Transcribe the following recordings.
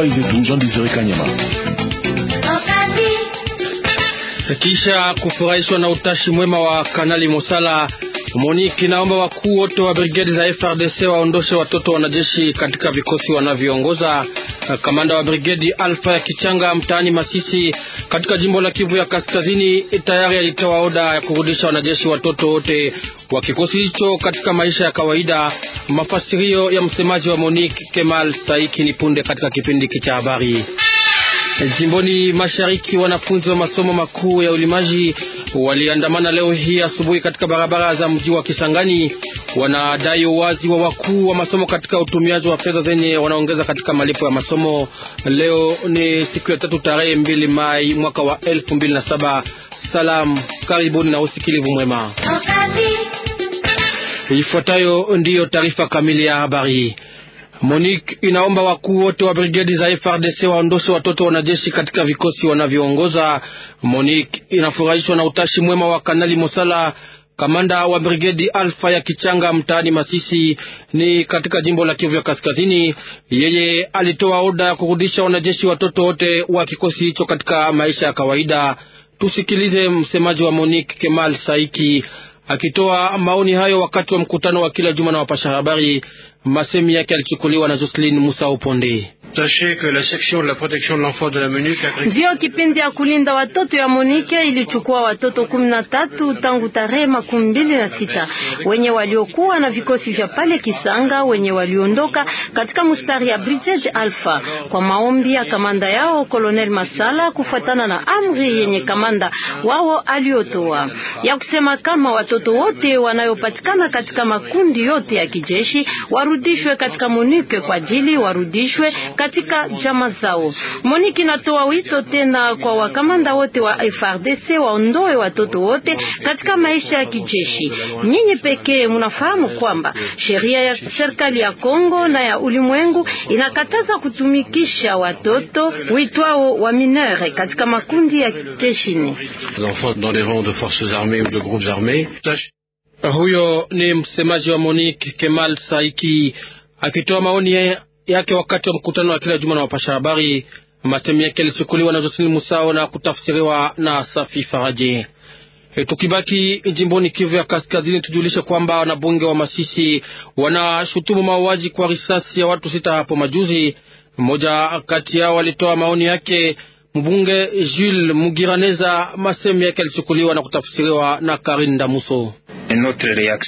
habari zetu Jean Desire Kanyama. Kisha kufurahishwa na utashi mwema wa Kanali mosala Moniki naomba wakuu wote wa brigade za FRDC waondoshe watoto wanajeshi katika vikosi wanavyoongoza. Kamanda wa brigedi Alfa ya Kichanga mtaani Masisi katika jimbo la Kivu ya Kaskazini tayari alitoa oda ya kurudisha wanajeshi watoto wote wa kikosi hicho katika maisha ya kawaida. Mafasirio ya msemaji wa Monique Kemal Saiki ni punde katika kipindi cha habari. Jimboni mashariki, wanafunzi wa masomo makuu ya ulimaji waliandamana leo hii asubuhi katika barabara za mji wa Kisangani. Wanadai uwazi wa wakuu wa masomo katika utumiaji wa fedha zenye wanaongeza katika malipo ya masomo. Leo ni siku ya tatu tarehe mbili Mai mwaka wa elfu mbili na saba. Salam, karibuni na usikilivu mwema. Ifuatayo ndiyo taarifa kamili ya habari. Monik inaomba wakuu wote wa brigedi za FRDC waondoshe watoto wanajeshi katika vikosi wanavyoongoza. Monik inafurahishwa na utashi mwema wa Kanali Mosala, kamanda wa brigedi Alfa ya Kichanga mtaani Masisi ni katika jimbo la Kivu ya Kaskazini. Yeye alitoa oda ya kurudisha wanajeshi watoto wote wa kikosi hicho katika maisha ya kawaida. Tusikilize msemaji wa Monik, Kemal Saiki Akitoa maoni hayo wakati wa mkutano wa kila juma na wapasha habari, masemi yake alichukuliwa na Jocelyn Musa Upondi ndio kipindi ya kulinda watoto ya Monike ilichukua watoto kumi na tatu tangu tarehe makumi mbili na sita wenye waliokuwa na vikosi vya pale Kisanga, wenye waliondoka katika mustari ya Brigade Alpha kwa maombi ya kamanda yao Colonel Masala, kufuatana na amri yenye kamanda wao aliotoa ya kusema kama watoto wote wanayopatikana katika makundi yote ya kijeshi warudishwe katika Monike kwa ajili warudishwe katika jama zao. Moniki natoa wito tena kwa wakamanda wote wa FRDC waondoe watoto wote katika maisha ya kijeshi. Nyinyi pekee mnafahamu kwamba sheria ya serikali ya Kongo na ya ulimwengu inakataza kutumikisha watoto witwao wa mineure katika makundi ya jeshi. Huyo ni msemaji wa Monique Kemal Saiki akitoa maoni yake wakati wa mkutano wa kila juma na wapasha habari. Matemi yake yalichukuliwa na Josin Musao na kutafsiriwa na Safi Faraji. E, tukibaki jimboni Kivu ya Kaskazini, tujulishe kwamba wanabunge wa Masisi wanashutumu mauaji kwa risasi ya watu sita hapo majuzi. Mmoja kati yao alitoa maoni yake Mbunge Jules Mugiraneza, masemi yake alichukuliwa na kutafsiriwa na Karinda Muso. Euh,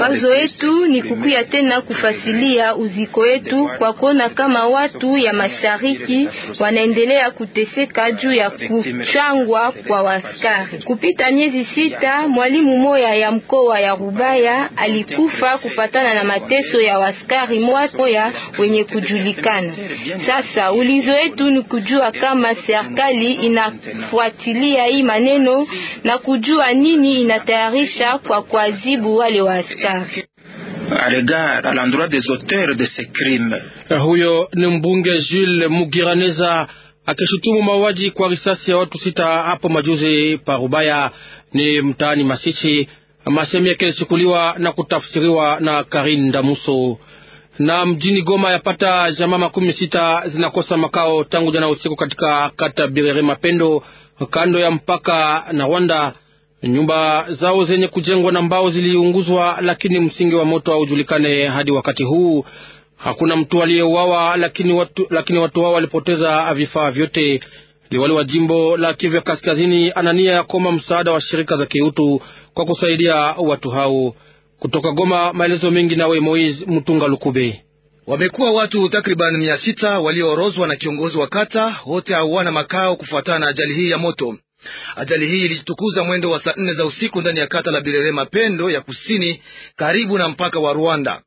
Wazo yetu ni kukuya tena kufasilia uziko etu kwa kuona kama watu ya mashariki wanaendelea kuteseka juu ya kuchangwa kwa waskari. Kupita miezi sita, mwalimu moya ya mkoa ya Rubaya alikufa kufatana na mateso ya waskari moya wenye kujulikana. Sasa ulizo yetu ni kujua kama serikali inafuatilia hii maneno na kujua nini inatayarisha kwa kuadhibu wale wa askari. Eh, huyo ni mbunge Jules Mugiraneza akishutumu mauaji kwa risasi ya watu sita hapo majuzi Parubaya ni mtaani Masisi. Masemi yake yalichukuliwa na kutafsiriwa na Karin Damuso na mjini Goma yapata jamaa makumi sita zinakosa makao tangu jana usiku katika kata Birere Mapendo, kando ya mpaka na Rwanda. Nyumba zao zenye kujengwa na mbao ziliunguzwa, lakini msingi wa moto haujulikane hadi wakati huu. Hakuna mtu aliyeuawa, lakini watu, lakini watu hao walipoteza vifaa vyote. Liwali wa jimbo la Kivu Kaskazini anania ya koma msaada wa shirika za kiutu kwa kusaidia watu hao. Kutoka Goma, maelezo mengi nawe Moise Mtunga Lukube. Wamekuwa watu takriban mia sita walioorozwa na kiongozi wa kata, wote hawana makao kufuatana na ajali hii ya moto. Ajali hii ilijitukuza mwendo wa saa nne za usiku ndani ya kata la Birere Mapendo ya kusini karibu na mpaka wa Rwanda.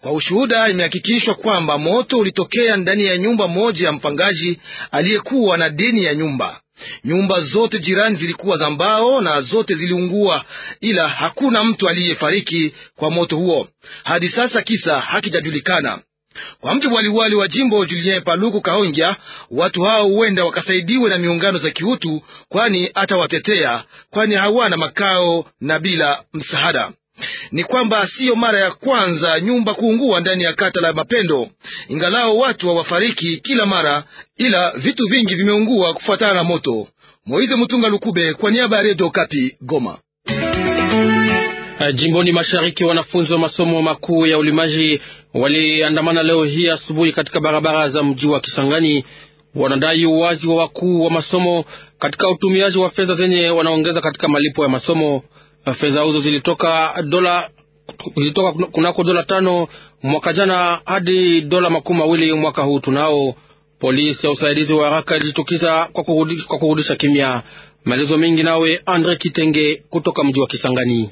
Kwa ushuhuda, imehakikishwa kwamba moto ulitokea ndani ya nyumba moja ya mpangaji aliyekuwa na deni ya nyumba. Nyumba zote jirani zilikuwa za mbao na zote ziliungua, ila hakuna mtu aliyefariki kwa moto huo. Hadi sasa kisa hakijajulikana. Kwa mjibu waliwali wa jimbo Julien Paluku Kahongya, watu hao huenda wakasaidiwe na miungano za kiutu, kwani atawatetea, kwani hawana makao na bila msaada. Ni kwamba siyo mara ya kwanza nyumba kuungua ndani ya kata la Mapendo, ingalao watu hawafariki kila mara, ila vitu vingi vimeungua kufuatana na moto. Moize Mutunga Lukube kwa niaba ya Redio Kapi, Goma. Eh, jimboni Mashariki, wanafunzi wa masomo makuu ya ulimaji waliandamana leo hii asubuhi katika barabara za mji wa Kisangani. Wanadai uwazi wa wakuu wa masomo katika utumiaji wa fedha zenye wanaongeza katika malipo ya masomo. Fedha hizo zilitoka dola zilitoka kunako dola tano mwaka jana hadi dola makumi mawili mwaka huu. Tunao polisi ya usaidizi wa haraka ilijitukiza kwa kurudisha kimya. Maelezo mengi nawe Andre Kitenge kutoka mji wa Kisangani.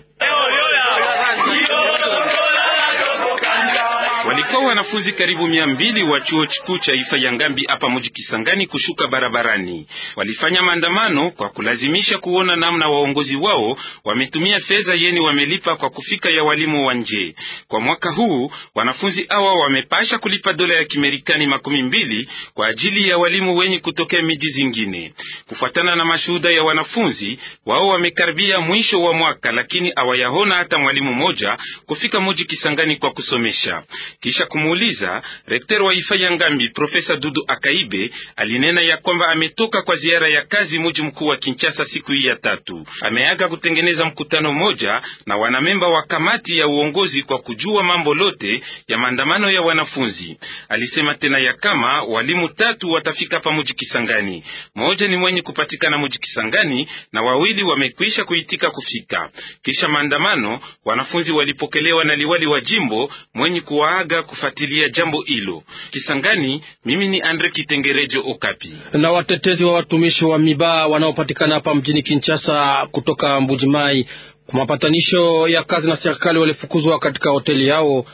Leo wanafunzi karibu mia mbili wa chuo kikuu cha Ifa ya Ngambi hapa mji Kisangani kushuka barabarani. Walifanya maandamano kwa kulazimisha kuona namna waongozi wao wametumia fedha yeni wamelipa kwa kufika ya walimu wa nje. Kwa mwaka huu wanafunzi hawa wamepasha kulipa dola ya Kimerikani makumi mbili kwa ajili ya walimu wenye kutokea miji zingine. Kufuatana na mashuhuda ya wanafunzi, wao wamekaribia mwisho wa mwaka, lakini hawayahona hata mwalimu moja kufika mji Kisangani kwa kusomesha. Kisha kumuuliza, rekteri wa ifa ya Ngambi Profesa Dudu Akaibe alinena ya kwamba ametoka kwa ziara ya kazi muji mkuu wa Kinshasa siku hii ya tatu. Ameaga kutengeneza mkutano moja na wanamemba wa kamati ya uongozi kwa kujua mambo lote ya maandamano ya wanafunzi. Alisema tena ya kama walimu tatu watafika pa muji Kisangani, moja ni mwenye kupatikana muji Kisangani na wawili wamekwisha kuitika kufika. Kisha maandamano, wanafunzi walipokelewa na liwali wa jimbo mwenye kuwaaga kufika kufuatilia jambo hilo. Kisangani, mimi ni Andre Kitengerejo, Okapi. Na watetezi wa watumishi wa mibaa wanaopatikana hapa mjini Kinshasa kutoka Mbujimai kwa mapatanisho ya kazi na serikali walifukuzwa katika hoteli yao.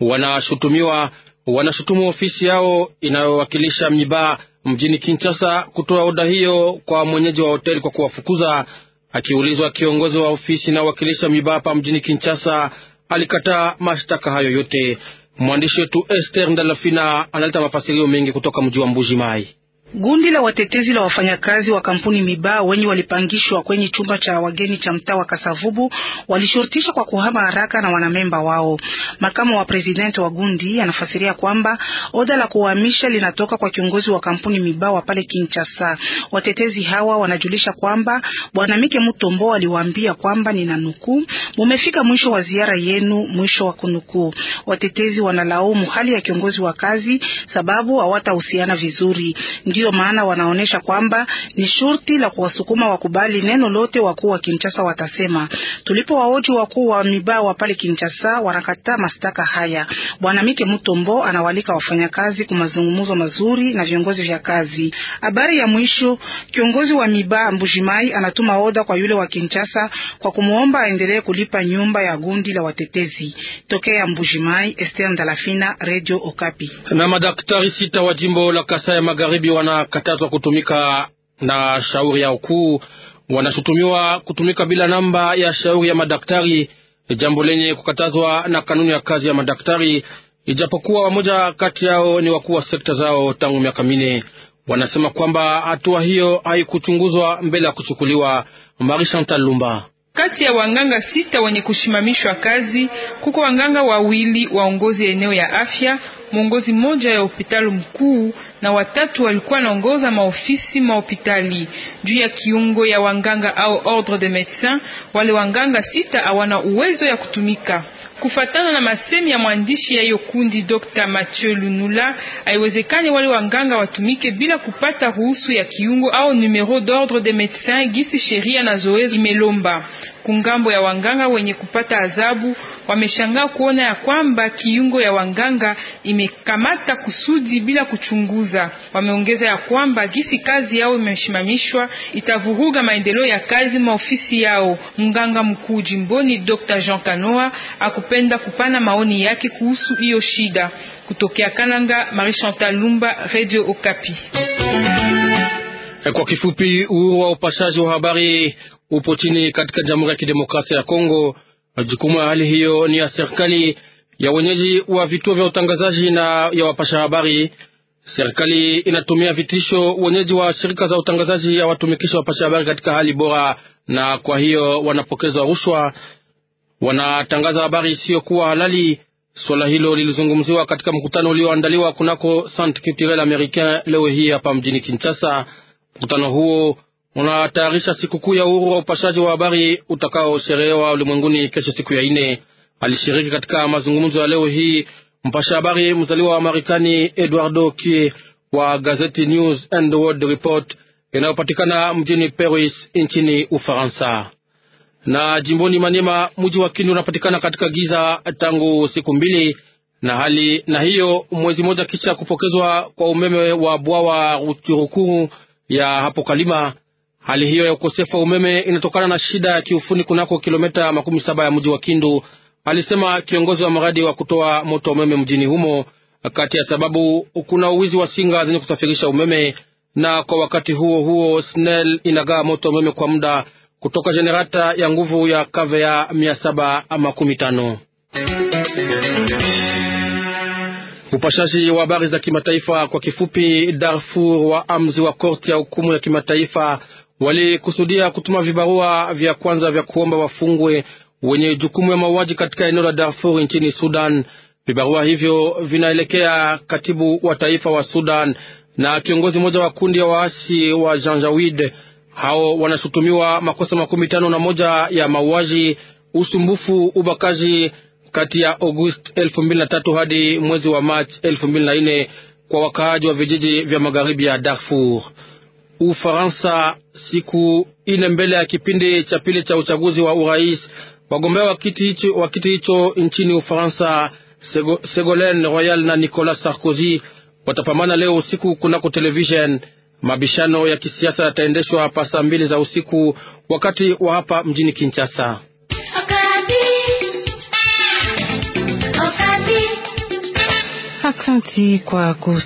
Wanashutumiwa, wanashutumu ofisi yao inayowakilisha mibaa mjini Kinshasa kutoa oda hiyo kwa mwenyeji wa hoteli kwa kuwafukuza. Akiulizwa, kiongozi wa ofisi inayowakilisha mibaa hapa mjini Kinshasa alikataa mashtaka hayo yote. Mwandishi wetu Esther Ndalafina analeta mafasirio mengi kutoka mji wa Mbuji Mai. Gundi la watetezi la wafanyakazi wa kampuni Mibaa wenye walipangishwa kwenye chumba cha wageni cha mtaa wa Kasavubu walishurutisha kwa kuhama haraka na wanamemba wao. Makamu wa president wa gundi anafasiria kwamba oda la kuhamisha linatoka kwa kiongozi wa kampuni Mibaa wa pale Kinshasa. Watetezi hawa wanajulisha kwamba bwana Mike Mutombo aliwaambia kwamba nina nukuu, mumefika mwisho wa ziara yenu, mwisho wa kunukuu. Watetezi wanalaumu hali ya kiongozi wa kazi sababu hawatahusiana vizuri. Ndiyo maana wanaonyesha kwamba ni shurti la kuwasukuma wakubali neno lote wakuu wa Kinshasa watasema. Tulipowaoji wakuu wa wa pale Kinshasa, wanakataa mashtaka haya. Bwana Mike Mutombo anawalika wafanyakazi kwa mazungumzo mazuri na viongozi vya kazi. Habari ya mwisho, kiongozi wa mibaa Mbujimai anatuma oda kwa yule wa Kinshasa kwa kumwomba aendelee kulipa nyumba ya gundi la watetezi. Tokea Mbujimai, Esther Ndalafina, Radio Okapi. Na madaktari sita wa jimbo la Kasai Magharibi wana wanakatazwa kutumika na shauri ya ukuu. Wanashutumiwa kutumika bila namba ya shauri ya madaktari, jambo lenye kukatazwa na kanuni ya kazi ya madaktari, ijapokuwa wamoja kati yao ni wakuu wa sekta zao tangu miaka minne. Wanasema kwamba hatua hiyo haikuchunguzwa mbele ya kuchukuliwa. Marie Chantal Lumba kati ya wanganga sita wenye kusimamishwa kazi kuko wanganga wawili waongozi eneo ya afya mwongozi mmoja ya hospitali mkuu na watatu walikuwa naongoza maofisi mahopitali juu ya kiungo ya wanganga au ordre de médecins. Wale wanganga sita hawana uwezo ya kutumika kufatana na masemi ya mwandishi ya hiyo kundi Dr. Mathieu Lunula, haiwezekani wale wanganga watumike bila kupata ruhusu ya kiungo au numero d'ordre de médecin gisi sheria na zoezi imelomba kungambo ya wanganga wenye kupata adhabu wameshangaa kuona ya kwamba kiungo ya wanganga imekamata kusudi bila kuchunguza. Wameongeza ya kwamba gisi kazi yao imeshimamishwa itavuruga maendeleo ya kazi maofisi yao. Mganga mkuu jimboni Dr. Jean Kanoa akupenda kupana maoni yake kuhusu hiyo shida. Kutokea Kananga, Marie Chantal Lumba, Radio Okapi. Eh, kwa kifupi, uhuru wa upashaji wa habari upo chini katika Jamhuri ya Kidemokrasia ya Kongo. Jukumu ya hali hiyo ni ya serikali ya wenyeji wa vituo vya utangazaji na ya wapasha habari. Serikali inatumia vitisho wenyeji wa shirika za utangazaji ya watumikisha wapasha habari katika hali bora, na kwa hiyo wanapokezwa rushwa, wanatangaza habari isiyokuwa halali. Swala hilo lilizungumziwa katika mkutano ulioandaliwa kunako Centre Culturel Americain leo hii hapa mjini Kinshasa. Mkutano huo unatayarisha sikukuu ya uhuru wa upashaji wa habari utakaosherehewa ulimwenguni kesho siku ya ine. Alishiriki katika mazungumzo ya leo hii mpasha habari mzaliwa wa Marekani Eduardo Kie wa gazeti News and World Report inayopatikana mjini Paris nchini Ufaransa. Na jimboni manyema mji wa Kindu unapatikana katika giza tangu siku mbili na hali na hiyo mwezi mmoja kisha kupokezwa kwa umeme wa bwawa Ruchurukuru ya hapo Kalima. Hali hiyo ya ukosefu wa umeme inatokana na shida ya kiufundi kunako kilomita makumi saba ya mji wa Kindu, alisema kiongozi wa mradi wa kutoa moto wa umeme mjini humo. Kati ya sababu kuna uwizi wa singa zenye kusafirisha umeme, na kwa wakati huo huo SNEL inagaa moto wa umeme kwa muda kutoka jenerata ya nguvu ya ya mia saba makumi tano. Upashaji wa habari za kimataifa kwa kifupi. Darfur, amzi wa korti ya hukumu ya kimataifa walikusudia kutuma vibarua vya kwanza vya kuomba wafungwe wenye jukumu ya mauaji katika eneo la Darfur nchini Sudan. Vibarua hivyo vinaelekea katibu wa taifa wa Sudan na kiongozi mmoja wa kundi ya waasi wa Janjawid. Hao wanashutumiwa makosa makumi tano na moja ya mauaji, usumbufu, ubakaji kati ya august 2003 hadi mwezi wa March 2004 kwa wakaaji wa vijiji vya magharibi ya Darfur. Ufaransa, siku ine mbele ya kipindi cha pili cha uchaguzi wa urais, wagombea wa kiti hicho, wa kiti hicho nchini Ufaransa Segolene Royal na Nicolas Sarkozy watapambana leo usiku kunako television. Mabishano ya kisiasa yataendeshwa hapa saa mbili za usiku wakati wa hapa mjini Kinshasa. Asante kwa